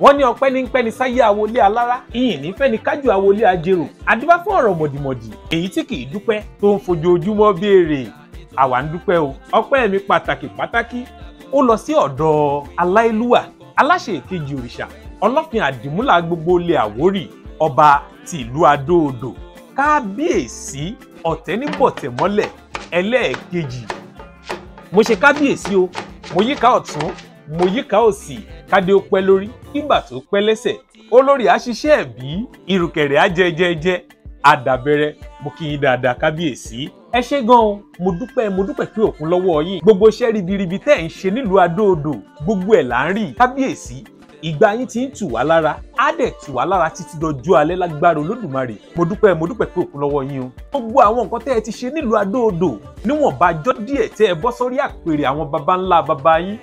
wọ́n ní ọpẹ́ ní pẹ́ni sáyé àwọlé alára ìyìn nífẹ̀ẹ́ ní kájú àwọlé ajérò àdìbá fún ọ̀rọ̀ mọ̀dìmọ̀dì èyí tí kì í dúpẹ́ tó ń fojoojúmọ́ béèrè àwa ń dúpẹ́ o ọpẹ́ mi pàtàkì pàtàkì ó lọ sí ọ̀dọ̀ aláìlúwà aláṣẹ ìkejì òrìṣà ọlọ́fin àdìmúlà gbogbo ilé àwórì ọba ti ìlú adóodò kábíyèsí ọ̀tẹ́nibọ̀tẹ̀mọ́lẹ̀ ẹlẹ́ẹ̀kejì mo ṣe kábíyèsí o mo yíká ọ̀tún mòyíká òsì kádé ó pẹ́ lórí kígbà tó pẹ́ lẹ́sẹ̀ olórí àṣìṣe ẹ̀bí ìrùkẹ̀rẹ̀ àjẹjẹjẹ àdàbẹ̀rẹ̀ mo kí yín dáadáa kábíyèsí ẹ ṣé gan-an mo dúpẹ́ mo dúpẹ́ pé òkun lọ́wọ́ yín gbogbo iṣẹ́ ribiribi tẹ́ ẹ̀ ń ṣe nílùú adóodò gbogbo ẹ̀ là ń rí kábíyèsí ìgbà yín ti ń tù wá lára á dẹ̀ tù wá lára títí dọjọ́ alẹ́ lágbára olódùmarè mo dúpẹ́ mo dúpẹ́ pé òkun lọ́wọ́ yín o gbogbo àwọn nǹkan tẹ́ ẹ ti ṣe nílùú adóodò níwọ̀nba ọjọ́ díẹ̀ tẹ́ ẹ bọ́ sórí àpèrè àwọn baba ńlá baba yín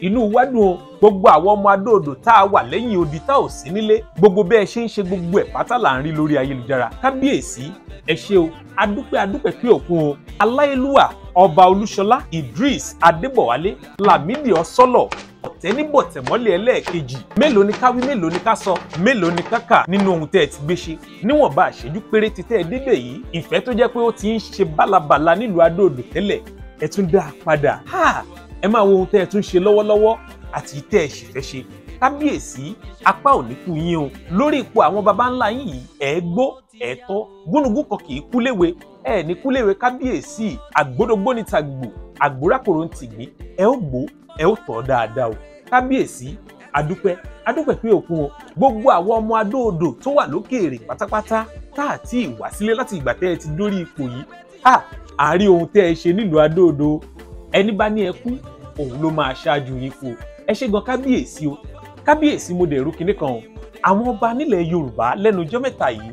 inú wa dùn o gbogbo àwọn ọmọ adóòdò tá a wà lẹ́yìn odi tá ò sí nílé gbogbo bẹ́ẹ̀ ṣe ń ṣe gbogbo ẹ̀ pátá là ń rí lórí ayélujára kábíyèsí ẹ ṣé o adúpẹ́ adúpẹ́ pé òkun o aláyélúwà ọba olúṣọlá idris adébọ̀wálé lámìdí ọsọlọ ọ̀tẹ́níbọ̀tẹ̀mọ́lẹ̀ ẹlẹ́ẹ̀kejì mélòó ni ká wí mélòó ni ká sọ mélòó ni ká kà nínú ohun tẹ́ ẹ ti gbé ṣe níwọ̀nba àṣejú péréte tẹ́ ẹ débẹ̀ yìí ìfẹ́ tó jẹ́ pé ó ti ń ṣe bálabàla nílùú adóòdò tẹ́lẹ̀ ẹ tún dá a padà ẹ máa wo ohun tẹ́ ẹ tún ṣe lọ́wọ́lọ́wọ́ àti tẹ́ ẹ sì fẹ́ ṣe kábíyèsí apá ò ní kú yín o lórí ipò àwọn baba ńlá yín yìí ẹ gbó ẹ tọ́ gúnugún kan kì í kúléwe ẹ ní kúléwe kábíyèsí àgbódógbó ní tàgbò àgbórákòrò ń tìgbé ẹ ó gbó ẹ ó tọ́ dáadáa o kábíyèsí adúpẹ́ adúpẹ́ pé òkun o gbogbo àwọn ọmọ adóodò tó wà lókèèrè pátápátá tá à tí wá sílé láti ìgbà tẹ́ ẹ ti dórí ipò yìí a ohun tẹ́ ẹ ṣe nílùú adóodò ẹni bá ní ẹkú òun ló máa ṣáájú yín kú ẹ ṣe gan kábíyèsí o kábíyèsí mo dẹ̀ rú kinní kan o àwọn ọba nílẹ̀ yorùbá lẹ́nu ọjọ́ mẹ́ta yìí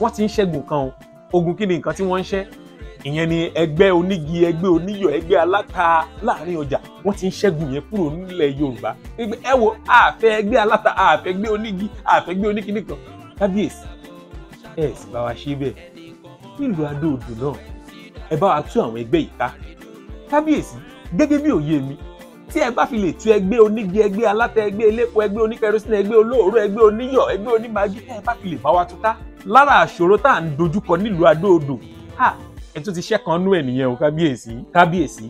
wọ́n ti ń ṣẹ́gun kan o ogun kí ni nǹkan tí wọ́n ń ṣẹ́ ìyẹn ni ẹgbẹ́ onígi ẹgbẹ́ oníyọ̀ ẹgbẹ́ aláta láàrin ọjà wọ́n ti ń ṣẹ́gun yẹn kúrò nílẹ̀ yorùbá ẹ wo àfẹ́ ẹgbẹ́ aláta àfẹ́ ẹgbẹ́ onígi àfẹ́ ẹgbẹ́ oníkíní kan kábíyèsí ẹ sì bá wa ṣe bẹ́ẹ̀ nílùú adó odò náà ẹ bá wa tú àwọn ẹgbẹ́ yìí ká kábíyèsí gẹ́gẹ́ bí òye mi tí ẹ bá fi lè tu ẹgbẹ́ onígi ẹgbẹ́ alátẹ ẹgbẹ́ elépo ẹgbẹ́ oníkẹrọsínì ẹgbẹ́ olóòró ẹgbẹ́ oníyọ̀ ẹgbẹ́ onímagi ẹ bá fi lè bá wa tuta lára àṣòro tá à ń dojúkọ nílùú adóodò ha ẹ tún ti ṣẹ́kan nú ẹ̀nìyẹn o kábíyèsí kábíyèsí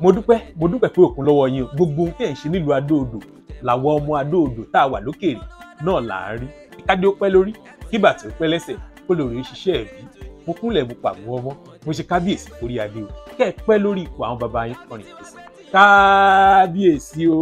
mo dúpẹ́ mo dúpẹ́ pé òkun lọ́wọ́ yín o gbogbo ohun tí ẹ̀ ń ṣe nílùú adóodò làwọn ọmọ adóodò tá a wà lókèèrè náà là ń rí kádé ó pẹ́ lórí kíbà tó pẹ́ lẹ́sẹ̀ kó lóore ṣiṣẹ́ mo ṣe kábíyèsí orí adé o kẹ́ ẹ pẹ́ lórí ipò àwọn baba yín kọrin ìpèsè kábíyèsí o.